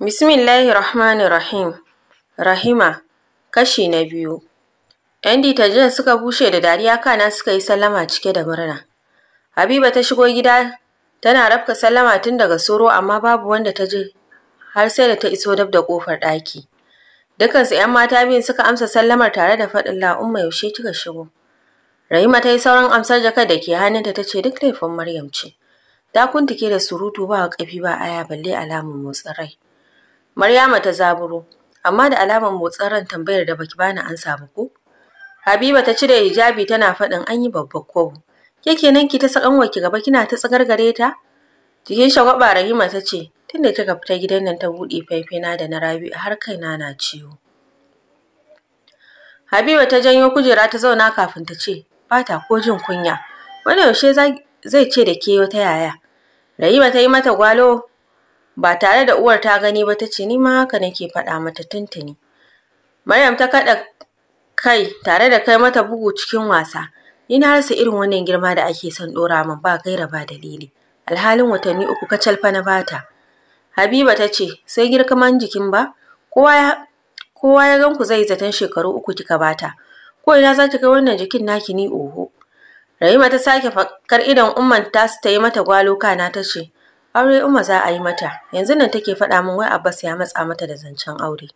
Bismillahir Rahmanir Rahim. Rahima, kashi na biyu. ‘Yan ditajen suka bushe da dariya kana suka yi sallama cike da murna. Habiba ta shigo gida tana rafka sallama tun daga soro amma babu wanda ta je har sai da ta iso dab da kofar ɗaki. Dukansu ‘yan mata biyun suka amsa sallamar tare da faɗin la'umma yaushe kika shigo. Rahima ta yi sauran amsar jaka da ke hannunta ta ce duk laifin Maryam ce. Ta kuntuke da surutu ba ƙafi ba aya balle alamun motsin rai. Maryama ta zaburo, amma da alamar motsin ran tambayar da baki bani ansa ba ko? Habiba ta cire hijabi tana faɗin an yi babbar kwabo. Ke kenan ki ta sakan ki gaba kina ta gare ta? Jikin shagwaba Rahima ta ce, tunda kika fita gidan nan ta buɗe faifena da na Rabi'u har kaina na ciwo. Habiba ta janyo kujera ta zauna kafin ta ce, "Bata ko jin kunya, wani yaushe zai ce da ke ta yaya." Rahima ta yi mata gwalo ba tare da uwar ta gani ba tace ni ma haka nake faɗa mata tuntuni Maryam ta kaɗa kai tare da kai mata bugu cikin wasa ni na rasa irin wannan girma da ake son ɗora min ba gaira ba dalili alhalin watanni uku kacal fa na bata Habiba tace sai girkaman jikin ba kowa ya kowa ya ganku zai zaton shekaru uku kika bata ko ina za ta kai wannan jikin naki ni oho Rahima ta sake fakar idan umman ta su ta yi mata gwalo kana ta ce Aure Umma za a yi mata, yanzu nan take faɗa min wai Abbas ya matsa mata da zancen aure.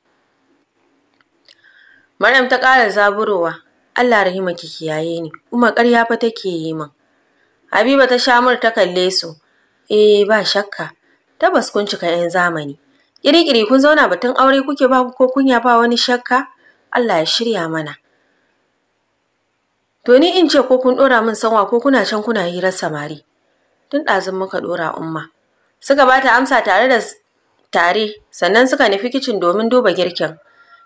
Maryam ta ƙara zaburowa, Allah rahima ki kiyaye ni, Umma ƙarya fa take yi min. Habiba ta sha mur ta kalle su, eh ba shakka, tabbas kun cika 'yan zamani. kirikiri kun zauna batun aure kuke ba ko kunya ba wani shakka? Allah ya shirya mana. To ni in ce ko kun ɗora min sanwa ko kuna can kuna hirar samari. Tun ɗazun muka ɗora umma. Suka bata amsa tare da tare sannan suka nufi kicin domin duba girkin.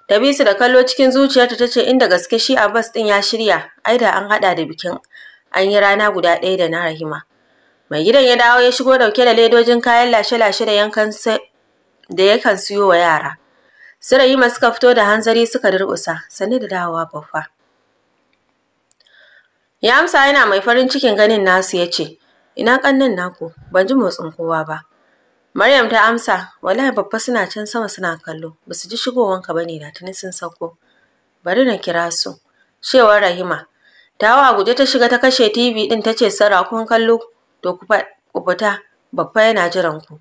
Ta bi su da kallo cikin zuciyarta ta ce inda gaske shi Abbas din ya shirya, ai da an hada da bikin. An yi rana guda ɗaya da na Rahima. Mai gidan ya dawo ya shigo dauke da ledojin kayan lashe-lashe da yankan da yakan siyo wa yara. Su Rahima suka fito da hanzari suka durƙusa, sannu da dawowa babba. Ya amsa yana mai farin cikin ganin nasu ya ce, Ina ƙannan naku? Ban ji motsin kowa ba. Maryam ta amsa, wallahi babba suna can sama suna kallo, ba su ji shigowanka ba ne da tuni sun sauko. Bari na kira su. Cewar Rahima, ta a guje ta shiga ta kashe TV ɗin ta ce sara kun kallo to ku fita babba yana jiran ku.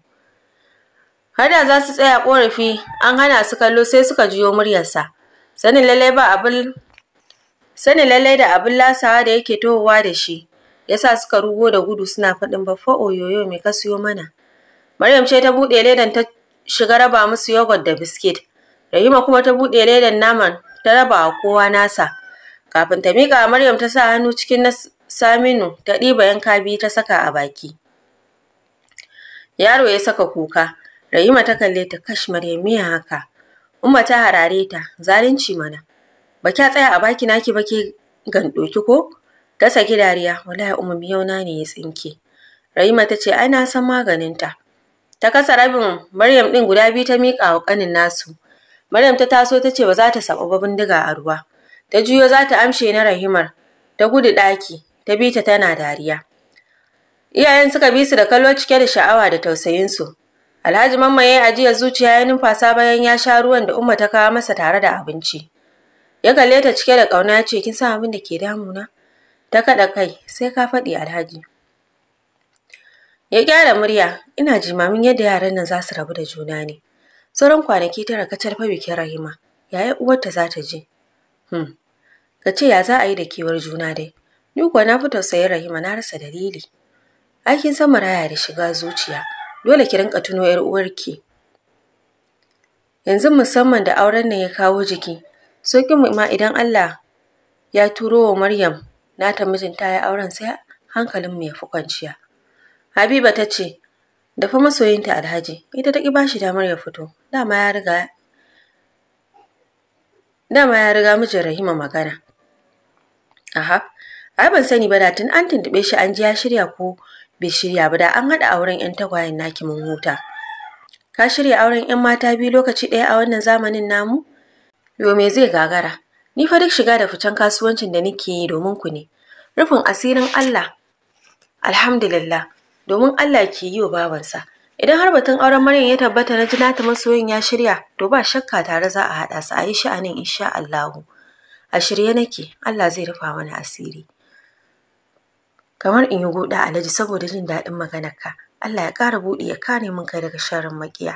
Hada za su tsaya korafi an hana su kallo sai suka jiyo muryarsa. Sanin lallai ba abin sanin lallai da abin lasawa da yake towa da shi yasa suka rugo da gudu suna faɗin baffa oyoyo mai ka siyo mana Maryam ce ta buɗe ledan ta shiga raba musu yogurt da biskit Rahima kuma ta buɗe ledan naman ta raba wa kowa nasa kafin ta miƙa Maryam ta sa hannu cikin na Saminu ta ɗiba yanka biyu ta saka a baki Yaro ya saka kuka Rahima ta kalle ta kash Maryam miya haka Umma ta harare ta zalunci mana ba kya tsaya a baki naki ba ke ɗoki ko ta saki dariya wallahi umma yau na ne ya tsinke Rahima ta ce ai na san maganin ta ta kasa rabin Maryam din guda biyu ta mika wa kanin nasu Maryam ta taso ta ce ba za ta saba ba bindiga a ruwa ta juyo za ta amshe na Rahimar ta gudu daki ta bi ta tana dariya iyayen suka bi su da kallo cike da sha'awa da tausayin su Alhaji Mamma yayi ajiya zuciya ya numfasa bayan ya sha ruwan da Umma ta kawo masa tare da abinci. Ya kalle ta cike da ƙauna ya ce kin san abin da ke damuna? Ta kaɗa kai, sai ka faɗi Alhaji. Ya gyara murya, ina jimamin yadda yaran nan za su rabu da juna ne. Sauran kwanaki tara kacal fa bikin Rahima, yaya uwarta za ta je? Hmm, ka ce ya za a yi da kewar juna dai. Ni kuwa na fi tausayin Rahima na rasa dalili. Aikin san maraya da shiga zuciya, dole ki rinka tuno ‘yar uwarki. Yanzu musamman da auren nan ya kawo jiki, mu ma idan Allah ya turo wa Maryam nata mijin ta yi auren sai mu ya fi kwanciya habiba ta ce dafa fa masoyinta alhaji ita ta ki ba shi damar ya fito dama ya riga dama ya riga mijin rahima magana aha ai ban sani ba da tun an tuntuɓe shi an ji ya shirya ko bai shirya ba da an haɗa auren 'yan tagwayen naki mun huta ka shirya auren 'yan mata biyu lokaci ɗaya a wannan zamanin namu yo me zai gagara Ni fa duk shiga da ficen kasuwancin da nake yi domin ku ne. Rufin asirin Allah. Alhamdulillah, domin Allah ke yi wa babansa. Idan har batun auren Maryam ya tabbata na ji nata masoyin ya shirya, to ba shakka tare za a haɗa su a yi sha'anin insha Allahu. A shirye nake, Allah zai rufa mana asiri. Kamar in yi guda alaji saboda jin daɗin maganarka. Allah ya ƙara buɗe ya kare mun kai daga sharrin makiya.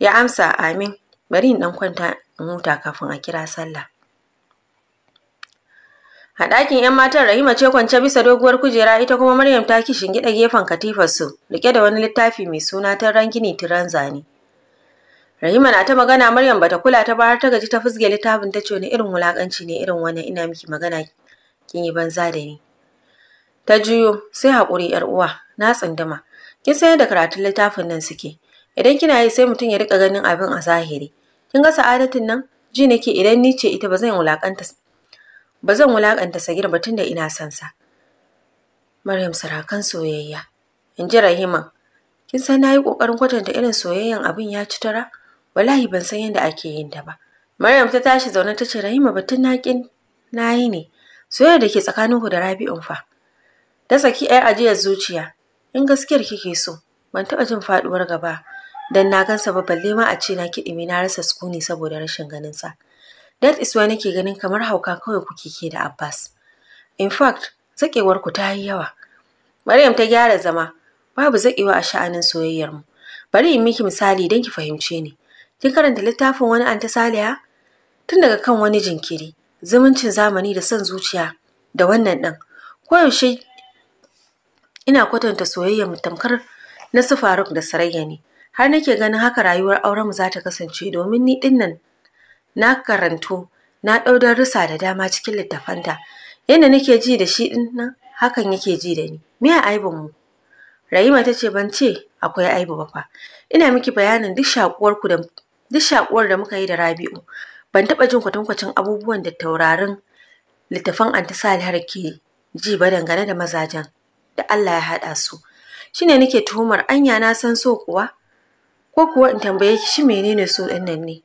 Ya amsa amin, bari in ɗan kwanta in huta kafin a kira sallah. A ɗakin 'yan matan Rahima ce kwance bisa doguwar kujera ita kuma Maryam ta ki shingiɗa gefen katifar su rike da wani littafi mai suna ta rangini tiranza ne. Rahima na ta magana Maryam bata kula ta ba har ta gaji ta fusge littafin ta ce wani irin wulaƙanci ne irin wannan ina miki magana kin yi banza da ni. Ta juyo sai haƙuri ‘yar uwa na tsinduma. Kin san da karatun littafin nan suke. Idan kina yi sai mutum ya rika ganin abin a zahiri. Kin ga sa'adatin nan? Ji nake idan ni ce ita ba zan wulakanta ba zan wulaƙanta sagir ba tunda ina son sa maryam sarakan soyayya in ji rahiman kin san yi ƙoƙarin kwatanta irin soyayyan abin ya ci tara wallahi ban san yadda ake yin ta ba maryam ta tashi zaune ta ce rahima batun nakin nayi ne soyayya da ke ku da rabi'un fa ta saki yar ajiyar zuciya in gaskiyar kike so ban taɓa jin faɗuwar gaba dan na gansa ba balle ma a ce na kiɗimi na rasa sukuni saboda rashin ganin sa That is why nake ganin kamar hauka kawai kuke ke da Abbas. In fact, zakewar ku ta yi yawa. Maryam ta gyara zama, babu zakewa a sha'anin soyayyar mu. Bari in miki misali don ki fahimce ni. Kin karanta littafin wani Anta Saliha? Tun daga kan wani jinkiri, zumuncin zamani da son zuciya da wannan ɗin. Koyaushe ina kwatanta soyayyar mu tamkar na su Faruk da Sarayya ne. Har nake ganin haka rayuwar auren mu za ta kasance domin ni ɗin nan na karantu na ɗau darussa da dama cikin littafanta. Yadda nake ji da shi ɗin nan hakan yake ji da ni. Me aibin mu? Rahima ta ce ban ce akwai aibu ba fa. Ina miki bayanin duk shakuwar ku da duk shakuwar da muka yi da Rabi'u. Ban taɓa jin kwatankwacin abubuwan da taurarin littafan Anta Salihar ke ji ba dangane da mazajen da Allah ya haɗa su. Shine nake tuhumar anya na san so kuwa? Ko kuwa in tambaye ki shi menene so ɗin nan ne?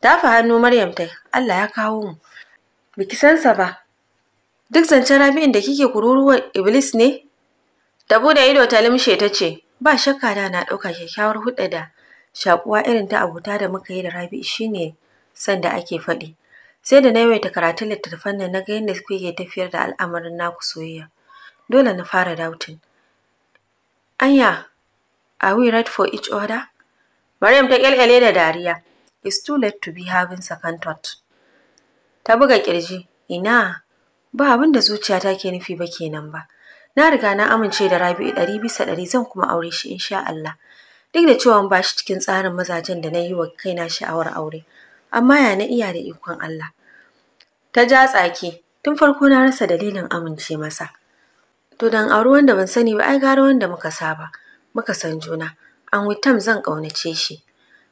tafa hannu Maryam ta Allah ya kawo mu. Biki san sa ba. Duk zancen Rabi'in da kike kururuwar Iblis ne? Ta bude ido ta limshe ta ce, ba shakka da na ɗauka kyakkyawar hudda da shakuwa irin ta abuta da muka yi da Rabi'u shine sanda ake faɗi. Sai da na yawaita karatun littattafan nan na ga yadda kuke tafiyar da al'amarin naku soyayya. Dole na fara doubting. Anya, are we right for each other? Maryam ta kyalkyale da dariya. It's too late to be having second thought. Ta buga kirji, ina, ba abin da zuciyata ke nufi ba kenan ba. Na riga na amince da Rabi'u ɗari bisa ɗari zan kuma aure shi insha Allah. Duk da cewa ba shi cikin tsarin mazajen da na yi wa kaina sha'awar aure, amma ya na iya da ikon Allah. Ta ja tsaki, tun farko na rasa dalilin amince masa. To dan auri wanda ban sani ba ai gara wanda muka saba, muka san juna, an wutam zan ƙaunace shi.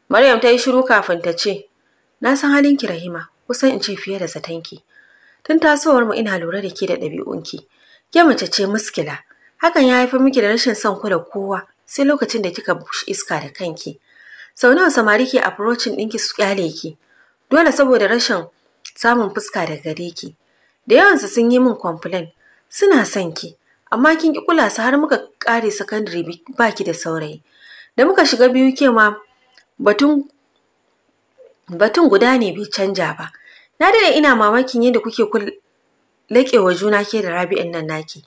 Maryam ta yi shiru kafin ta ce, Na san halinki Rahima, kusan in ce fiye da satanki Tun tasowar mu ina lura da ke da ɗabi'unki. Ke mace ce muskila. Hakan ya haifar miki da rashin son ku da kowa sai lokacin da kika bushe iska da kanki. Sau nawa samari ke approaching ɗinki su kyale ki. Dole saboda rashin samun fuska da gare ki. Da yawansu sun yi min complain. Suna son ki, amma kin ki kula su har muka kare secondary ba ki da saurayi. Da muka shiga biyu ke ma batun batun guda ne bai canja ba na dade ina mamakin yadda kuke laƙewa juna ke da rabi'in nan naki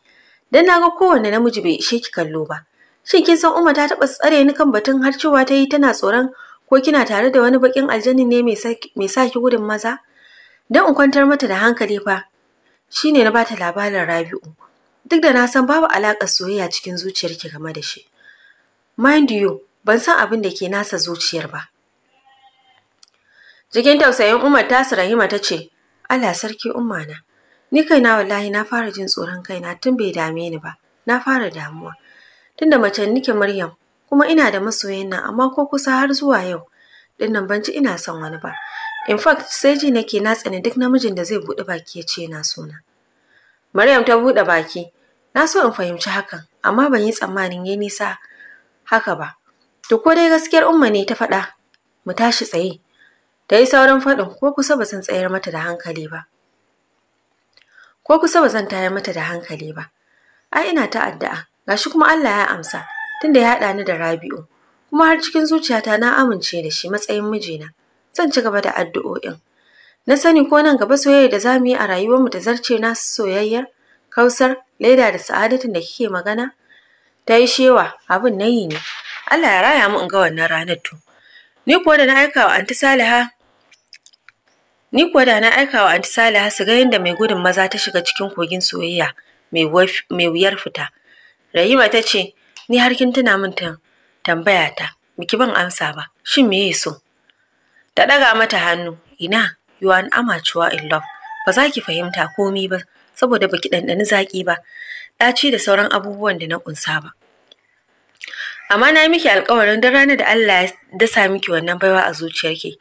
dan naga kowanne namiji bai ishe ki kallo ba shin kin san umma ta taba tsare ni kan batun har cewa ta yi tana tsoron ko kina tare da wani bakin aljanin ne mai sa ki gudun maza dan in kwantar mata da hankali fa shine na bata labarin Rabi'u duk da na san babu alakar soyayya cikin zuciyarki game da shi mind you ban san abin da ke nasa zuciyar ba jikin tausayin umar tasu rahima ta ce allah sarki ummana ni kaina wallahi na fara jin tsoron kaina tun bai dame ni ba na fara damuwa tunda mace nike maryam kuma ina da masoyan nan amma ko kusa har zuwa yau dinnan ban ci ina son wani ba in fact sai ji nake na tsani duk namijin da zai buɗe baki ya ce na suna. maryam ta buɗe baki na so in fahimci hakan amma ban yi tsammanin ya nisa haka ba To ko dai gaskiyar umma ne ta faɗa, mu tashi tsaye. Ta yi sauran faɗin ko kusa ba zan tsayar mata da hankali ba. Ko kusa ba zan tayar mata da hankali ba. Ai ina ta'addaa, ga shi kuma Allah ya amsa, tunda ya haɗa ni da Rabi'u. Kuma har cikin zuciyata na amince da shi matsayin mijina. Zan ci gaba da addu'o'in. Na sani ko nan gaba soyayya da za mu yi a rayuwarmu ta zarce su soyayyar, kausar, leda da sa'adatin da kike magana? Ta yi shewa, abin nayi ne. Allah ya raya mu in ga wannan ranar to ni kuwa da na aika wa anti Saliha ni kuwa da na aika wa anti Saliha su ga yadda mai gudun maza ta shiga cikin kogin soyayya mai wuyar fita Rahima ta ce ni har kin tuna min tambaya ta miki ban amsa ba shin me so ta ɗaga mata hannu ina you an amateur in love ba za ki fahimta komi ba saboda baki ɗanɗani zaƙi ba ɗaci da sauran abubuwan da na ƙunsa ba amma na miki alƙawarin, duk ranar da Allah ya dasa miki wannan baiwa a zuciyarki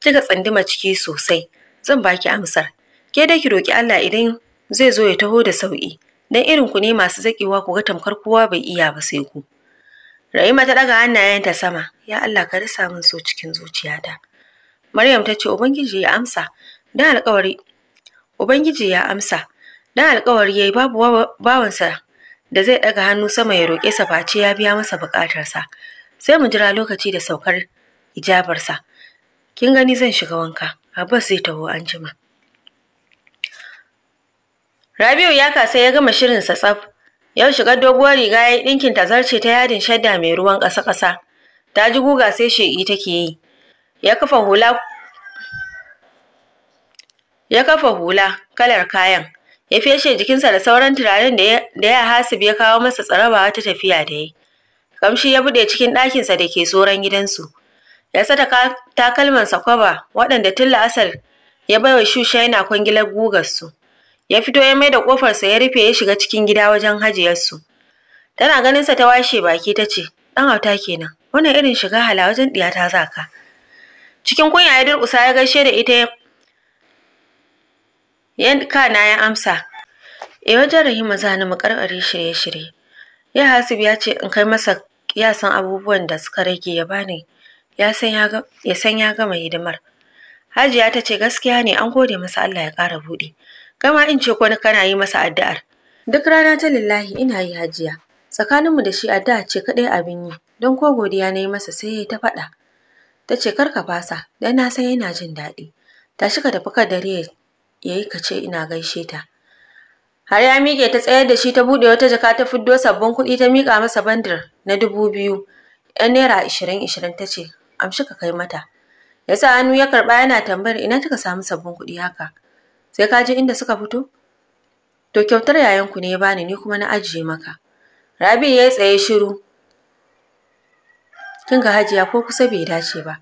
kika tsanduma ciki sosai zan baki amsar ke dai ki roki Allah idan zai zo ya taho da sauki dan irin ku ne masu zakewa ku ga tamkar kowa bai iya ba sai ku Rahima ta daga hannayenta sama ya Allah ka rasa min so cikin zuciyata Maryam ta ce ubangiji ya amsa dan alƙawari ubangiji ya amsa dan alkawari yayi babu bawansa da zai ɗaga hannu sama ya roƙe sa face ya biya masa buƙatarsa sai mu jira lokaci da saukar ijabarsa kin gani zan shiga wanka abbas zai taho an jima rabiu ya kasa ya gama shirinsa tsaf yau shiga doguwar riga ya ɗinkin tazarce ta yadin shadda mai ruwan ƙasa-ƙasa ta ji guga sai sheƙi take yi ya kafa hula ya kafa hula kalar kayan ya feshe jikinsa da sauran turaren da ya hasib ya kawo masa tsarabawa ta tafiya da yi kamshi ya buɗe cikin ɗakinsa da ke tsoron gidansu ya sata takalmansa kwaba waɗanda tun la'asar ya baiwa shusha yana kwangilar gugarsu ya fito ya mai da ƙofarsa ya rufe ya shiga cikin gida wajen hajiyarsu tana ganinsa ta washe baki ta ce ɗan hauta kenan wannan irin shiga hala wajen ɗiya ta zaka cikin kunya ya durƙusa ya gaishe da ita kana ya amsa e wajen rahima za ni mu karkare shirye-shirye ya hasib ya ce in kai masa ya san abubuwan da suka rage ya bani ya san ya gama hidimar hajiya ta ce gaskiya ne an gode masa Allah ya kara buɗe gama in ce ko kana yi masa addu'ar duk rana ta lillahi ina yi hajiya tsakanin mu da shi addu'a ce kadai abin yi don ko godiya na yi masa sai ya ta faɗa ta ce kar fasa dan na san yana jin daɗi tashi ka tafi ka dare ya yi ka ina gaishe ta. Har ya miƙe ta tsayar da shi ta buɗe wata jaka ta fiddo sabbin kuɗi ta miƙa masa bandir na dubu biyu. ‘Yan naira ashirin ishirin ta ce, amshi ka kai mata. Ya sa hannu ya karɓa yana tambayar ina kika samu sabbin kuɗi haka. Sai ka ji inda suka fito? To kyautar yayan ku ne ya bani ni kuma na ajiye maka. Rabi ya yi tsaye shiru. Kin ga hajiya ko kusa bai dace ba.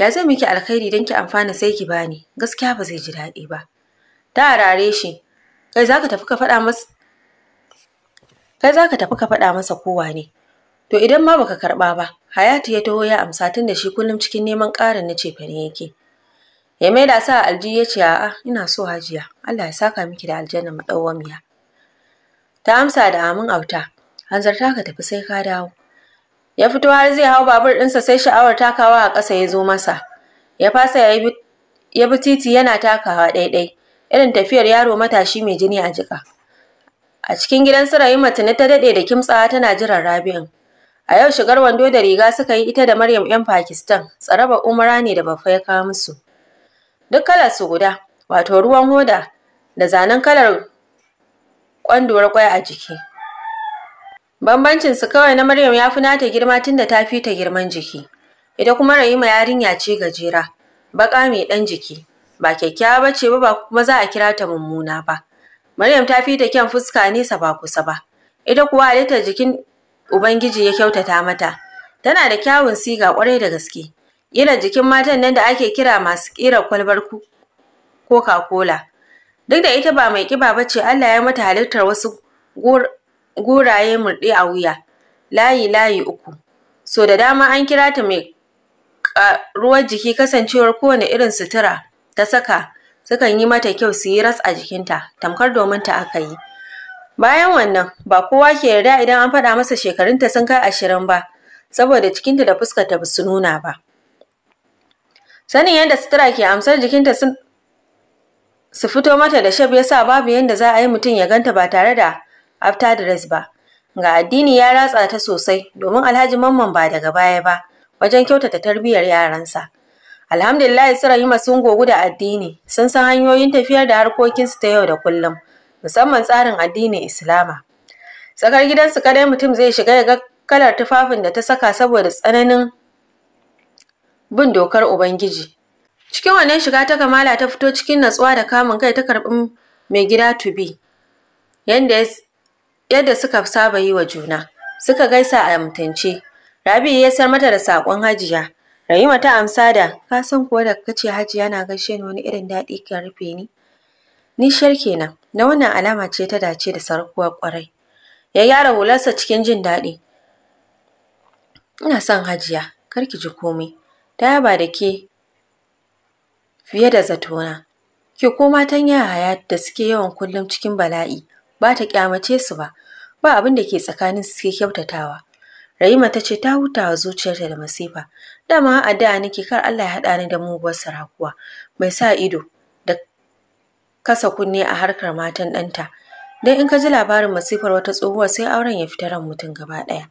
Ya zai miki alkhairi don ki amfana sai ki bani. Gaskiya ba zai ji daɗi ba. ta arare shi kai zaka tafi ka faɗa masa kai zaka tafi ka faɗa masa kowa ne to idan ma baka karɓa ba hayatu ya taho ya amsa tun da shi kullum cikin neman ƙarin nace fare yake ya maida da sa alji ya ce a'a ina so hajiya Allah ya saka miki da aljanna madawwamiya ta amsa da amin auta hanzarta ka tafi sai ka dawo ya fito har zai hau babur ɗinsa sai sha'awar takawa a ƙasa ya zo masa ya fasa ya bi titi yana takawa ɗaiɗai irin tafiyar yaro matashi mai jini a jika a cikin gidan su Rahima ne ta daɗe da kimtsawa tana jiran Rabi'un a yau shigar wando da riga suka yi ita da Maryam yan Pakistan tsaraba umara ne da bafa ya kawo musu duk kalar su guda wato ruwan hoda da zanen kalar kwanduwar kwai a jiki bambancin su kawai na Maryam ya fi nata girma tunda ta fita girman jiki ita kuma Rahima yarinya ce gajera baƙa mai ɗan jiki ba kyakkyawa ba ce ba ba kuma za a kira ta mummuna ba Maryam ta fita ta kyan fuska nesa ba kusa ba ita kuwa halittar jikin Ubangiji ya kyautata mata tana da kyawun siga kwarai da gaske irin jikin matan nan da ake kira masu ƙira kwalbar Coca-Cola duk da ita ba mai kiba ba ce Allah ya mata halittar wasu guraye murɗe a wuya layi layi uku so da dama an kira ta mai ruwan jiki kasancewar kowane irin sutura ta saka sukan yi mata kyau su yi ras a jikinta tamkar domin ta aka yi bayan wannan ba kowa ke yarda idan an faɗa masa shekarunta sun kai ashirin ba saboda cikinta da fuskarta ba su nuna ba sanin yadda sutura ke amsar jikinta sun su fito mata da shab sa babu yadda za a yi mutum ya ganta ba tare da after dress ba ga addini ya ratsa ta sosai domin alhaji mamman ba daga baya ba wajen kyautata tarbiyyar yaransa Alhamdulillah su Rahima sun gogu da addini, sun san hanyoyin tafiyar da harkokinsu ta yau da kullum, musamman tsarin addinin Islama. Tsakar gidansu kadai mutum zai shiga ya ga kalar tufafin da ta saka saboda tsananin bin dokar Ubangiji. Cikin wannan shiga ta kamala ta fito cikin natsuwa da kamun kai ta karɓi mai gida Tubi, yadda suka saba yi wa juna. Suka gaisa a mutunce. Rabi'u ya sar mata da saƙon hajiya. Rahima ta amsa da ka san kuwa da kace Hajiya na gaishe ni wani irin daɗi ka rufe ni. Ni shar kenan, na wannan alama ce ta dace da sarkuwar kwarai. Ya gyara hularsa cikin jin daɗi. Ina son Hajiya, kar ki ji komai. Ta yaba da ke fiye da zatona. Ke ta matan yaya da suke yawan kullum cikin bala'i ba ta kyamace su ba. Ba abin da ke tsakanin su suke kyautatawa. Rahima ta ce ta hutawa zuciyarta da masifa. Dama a da nake kar Allah ya haɗa ni da muguwar sarakuwa mai sa ido da kasa kunne a harkar matan ɗanta. Dan in ka ji labarin masifar wata tsohuwa sai auren ya fita ran mutum gaba ɗaya.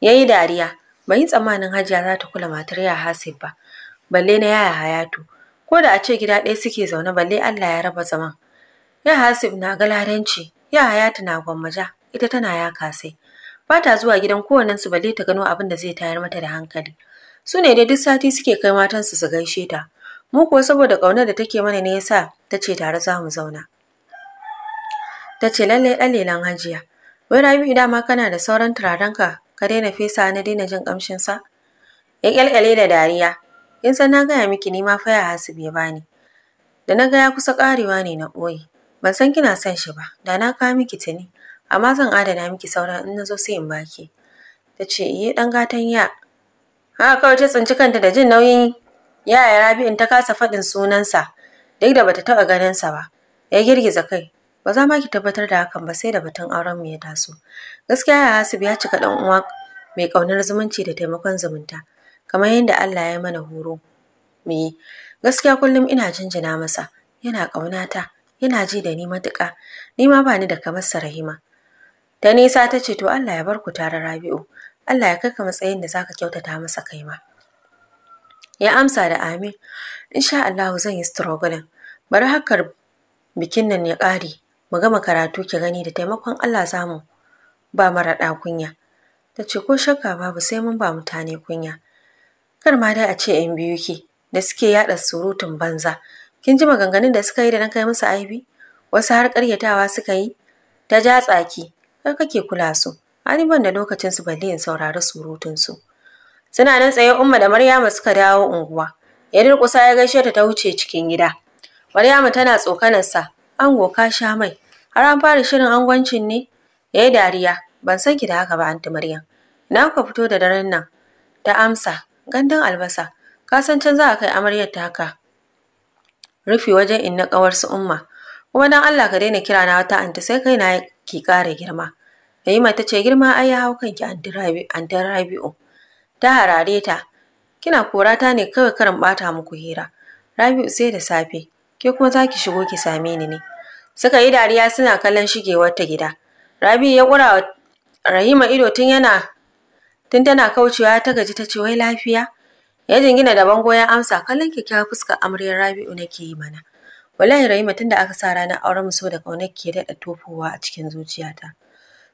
Ya yi dariya, ban yi tsammanin Hajiya za ta kula matar ya Hasib ba, balle na yaya Hayatu. Ko da a ce gida ɗaya suke zaune balle Allah ya raba zaman. Ya Hasib na galadanci, ya Hayatu na gwammaja, ita tana ya kasai. ba ta zuwa gidan kowannensu balle ta gano abin da zai tayar mata da hankali su ne dai duk sati suke kai matansu su gaishe ta mu kuwa saboda ƙaunar da take mana ne yasa ta ce tare za mu zauna ta ce lalle ɗalelan hajiya wai rabi'u dama kana da sauran turarenka ka daina fesa na daina jin ƙamshinsa ya ƙyalƙyale da dariya in san na gaya miki ni ma fa ya hasib ba bani da na ga ya kusa ƙarewa ne na ɓoye ban san kina son shi ba da na kawo miki tuni amma zan adana miki sauran in nazo sai in baki ta ce iye dan gatan ya haka kawai ta tsinci kanta da jin nauyin yaya in ta kasa faɗin sunansa duk da bata taɓa ganinsa ba ya girgiza kai ba za ma ki tabbatar da hakan ba sai da batun auren mu ya taso gaskiya ya hasib ya cika dan uwa mai kaunar zumunci da taimakon zumunta kamar yadda Allah ya mana horo Me, gaskiya kullum ina jinjina masa yana ƙaunata yana ji da ni matuƙa ni ma bani da kamar sa rahima Da nisa ta ce to Allah ya bar ku tare Rabi'u, Allah ya kai ka matsayin da zaka kyautata masa kai ma. Ya amsa da amin, insha Allahu zan yi struggling, bari hakar bikin nan ya kare mu gama karatu ki gani da taimakon Allah samu ba mara kunya. Ta ce ko shakka babu sai mun ba mutane kunya. Kar ma dai a ce ‘yan biyu ki da suke yaɗa surutun banza. Kin ji maganganun da suka yi da na kai musu aibi? Wasu har ƙaryatawa suka yi? Ta ja tsaki, kai kake kula su ani ban da lokacin su balle in saurari surutun su suna nan tsaye umma da maryama suka dawo unguwa ya durkusa ya gaishe ta ta wuce cikin gida maryama tana tsokanar sa ango ka sha mai har an fara shirin angwancin ne yayi dariya ban san ki da haka ba anti maryam na ka fito da daren nan ta amsa gandun albasa ka san can za a kai amaryar ta haka rufi wajen inna na kawar su umma kuma dan Allah ka daina kira na wata anti sai kai na ki ƙara girma. rahima ta ce girma ai ya hau kanki anti Rabi'u. Ta harare ta, kina kora ta ne kawai karin ɓata muku hira. Rabi'u sai da safe, ke kuma za ki shigo ki same ni ne. Suka yi dariya suna kallon shigewar ta gida. Rabi'u ya ƙura wa Rahima ido tun yana tun tana kaucewa ta gaji ta ce wai lafiya. Ya jingina da bango ya amsa kallon kyakkyawar fuskar amaryar Rabi'u nake yi mana. Wallahi Rahima tunda aka sa ranar auren mu so da ke daɗa tofowa a cikin zuciyata.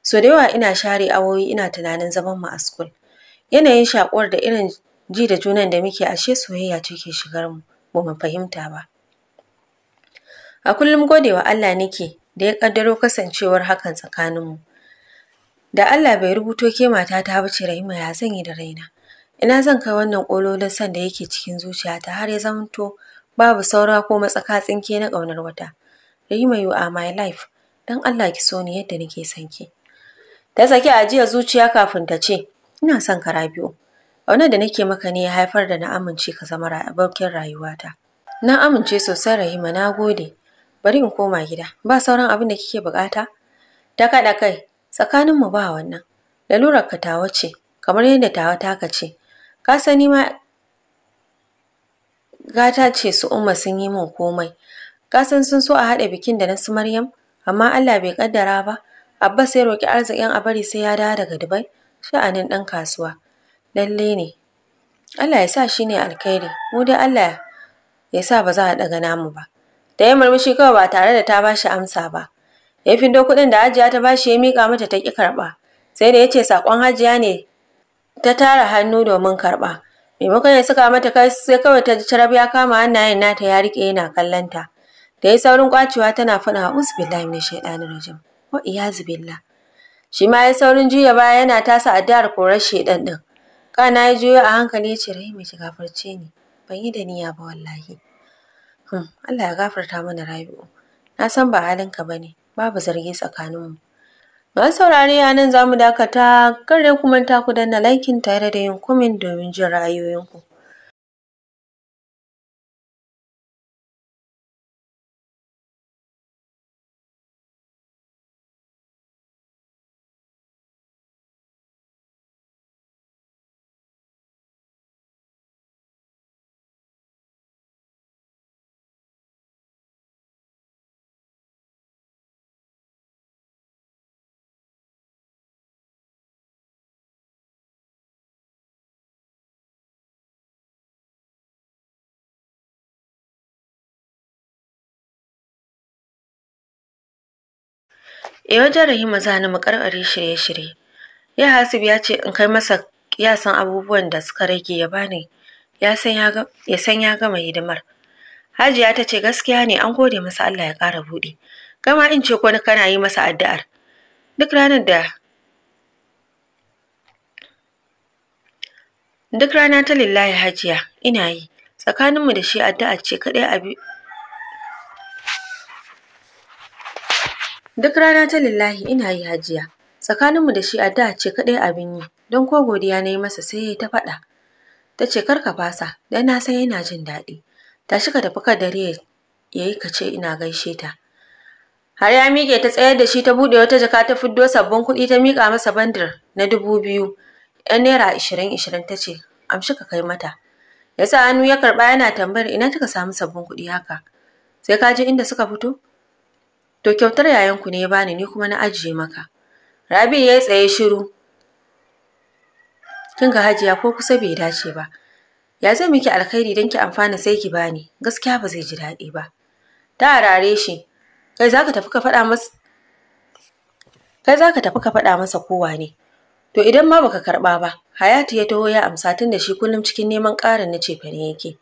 So da yawa ina share awoyi ina tunanin zaman mu a school. Yanayin shakuwar da irin ji da junan da muke ashe soyayya ce ke shigar mu ba mu fahimta ba. A kullum godewa Allah nake da ya kaddaro kasancewar hakan tsakanin mu. Da Allah bai rubuto ke matata ba ce Rahima ya zanyi da raina. Ina zan kai wannan kololin son da yake cikin zuciyata har ya zamanto babu saura ko matsaka tsinke na ƙaunar wata. Rima you are my life, don Allah ki so ni yadda nake son ki. Ta saki ajiyar zuciya kafin ta ce, ina son ka Rabi'u. Ƙaunar da nake maka ne ya haifar da na amince ka zama abokin rayuwata. Na amince sosai Rahima, na gode. Bari in koma gida, ba sauran abin da kike buƙata? Ta kaɗa kai, tsakanin mu ba wannan. Lalurar ka tawa ce, kamar yadda tawa taka ce. Ka sani ma gata ce su Umma sun yi min komai. Kasan sun so a haɗa bikin da na su Maryam, amma Allah bai kaddara ba. Abba sai roki arzikin a bari sai ya dawo daga Dubai, sha'anin ɗan kasuwa. Lalle ne. Allah ya sa shi ne alkhairi, mu dai Allah ya sa ba za a daga namu ba. Da ya murmushi kawai ba tare da ta bashi amsa ba. Ya findo kuɗin da Hajiya ta bashi ya mika mata ta ki karɓa. Sai da yace sakon Hajiya ne ta tara hannu domin karɓa. maimakon ya saka mata kai sai kawai ta ji charab ya kama hannayen nata ya rike yana kallon ta da ya saurin kwacewa tana faɗa a'udhu billahi minash shaitani rajim wa iyazu billah shi ma ya saurin juya baya yana tasa addu'ar korar shaidan din kana ya juyo a hankali ya ce rahima ki gafarce ni ban yi da niyya ba wallahi hmm, Allah ya gafarta mana Rabi'u na san ba halinka bane babu zargi tsakaninmu Masu saurare a nan za mu dakata, kar dai ku manta ku danna laikin tare da yin comment domin jin ra'ayoyinku. E wajen Rahima za ni mu shirye-shirye. Ya Hasib ya ce in kai masa yasan abubuwan da suka rage ya bani ya san ya gama hidimar. Hajiya ta ce gaskiya ne an gode masa Allah ya ƙara buɗe. Gama in ce ko kana yi masa addu'ar. Duk ranar da Duk rana ta lillahi hajiya ina yi tsakaninmu da shi addu'a ce kaɗai Duk rana ta lillahi ina yi hajiya. Tsakaninmu da shi a da ce kaɗai abin yi, don ko godiya na yi masa sai ya yi ta faɗa. Ta ce kar ka fasa, don na san yana jin daɗi. Tashi ka tafi ka dare ya yi ka ce ina gaishe ta. Har ya miƙe ta tsayar da shi ta buɗe wata jaka ta fiddo sabbin kuɗi ta miƙa masa bandir na dubu biyu. ‘Yan naira ishirin ishirin ta ce, amshi ka kai mata. Ya sa hannu ya karɓa yana tambayar ina kika samu sabbin kuɗi haka. Sai ka ji inda suka fito? To kyautar yayanku ne ya bani ni kuma na ajiye maka. Rabi ya yi tsaye shiru. Kin ga Hajiya ko kusa bai dace ba. Ya zai miki alkhairi dan ki amfana sai ki bani. Gaskiya ba zai ji daɗi ba. Ta rare shi. Kai zaka tafi ka faɗa masa Kai zaka tafi ka faɗa masa kowa ne. To idan ma baka karɓa ba, Hayatu ya taho ya amsa tun da shi kullum cikin neman ƙarin na cefane yake.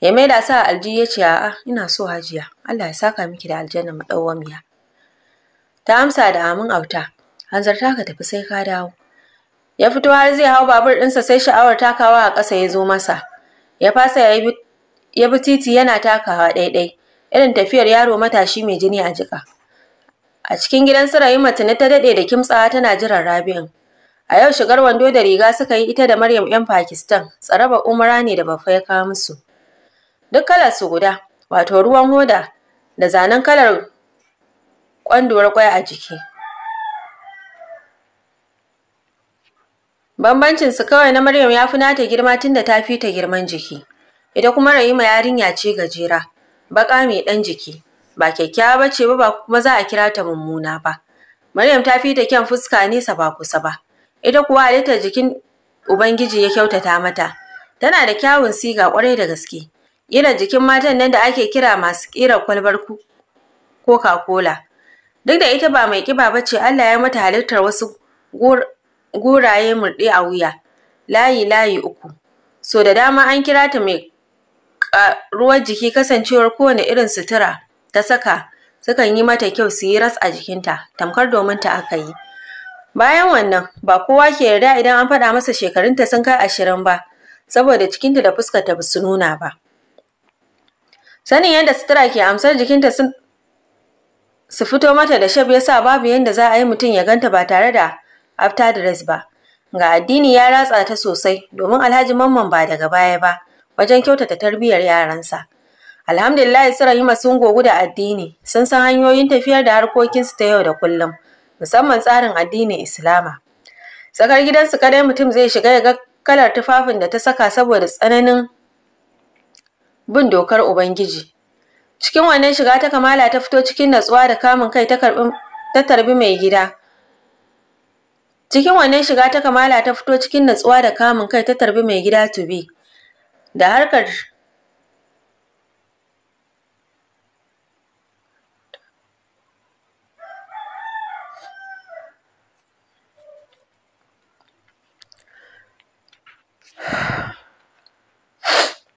ya maida sa alji ya ce a'a ina so hajiya Allah ya saka miki da aljanna miya. ta amsa da amin auta hanzarta ka tafi sai ka dawo ya fito har zai hau babur ɗinsa sai sha'awar takawa a ƙasa ya zo masa ya fasa ya bi titi yana takawa ɗai-ɗai. irin tafiyar yaro matashi mai jini a jika a cikin gidan sirayi matani ta daɗe da kimtsawa tana jiran rabi'in a yau shigar wando da riga suka yi ita da maryam yan pakistan tsaraba umara ne da bafa ya kawo musu duk kalar su guda wato ruwan hoda da zanen kalar kwanduwar kwai a jiki bambancin su kawai na Maryam ya fi nata girma tunda ta fi ta girman jiki ita kuma Rahima yarinya ce gajera baka mai dan jiki ba kyakkyawa bace ba ba kuma za a kira ta mummuna ba Maryam ta fi ta kyan fuska nesa ba kusa ba ita kuwa halittar jikin Ubangiji ya kyautata mata tana da kyawun siga kwarai da gaske irin jikin matan nan da ake kira masu ƙira kwalbar coca-cola duk da ita ba mai ƙiba ba ce allah ya mata halittar wasu guraye murɗe a wuya layi layi uku so da dama an kira ta mai ruwan jiki kasancewar kowane irin sutura ta saka sukan yi mata kyau su yi ras a jikinta tamkar domin ta aka yi bayan wannan ba kowa ke yarda idan an faɗa masa shekarunta sun kai ashirin ba saboda cikinta da fuskarta ba su nuna ba Sanin yadda sutura ke amsar jikinta sun su fito mata da shab sa babu yadda za a yi mutum ya ganta ba tare da after dress ba. Ga addini ya ratsa ta sosai domin Alhaji Mamman ba daga baya ba wajen kyautata tarbiyyar yaransa. Alhamdulillah yi sun gogu da addini sun san hanyoyin tafiyar da harkokinsu ta yau da kullum musamman tsarin addinin Islama. Tsakar gidansu kadai mutum zai shiga ya ga kalar tufafin da ta saka saboda tsananin bin dokar Ubangiji. Cikin wannan shiga ta kamala ta fito cikin natsuwa da kamun kai ta tarbi mai gida. Cikin wannan shiga ta kamala ta fito cikin natsuwa da kamun kai ta tarbi mai gida Tubi. Da harkar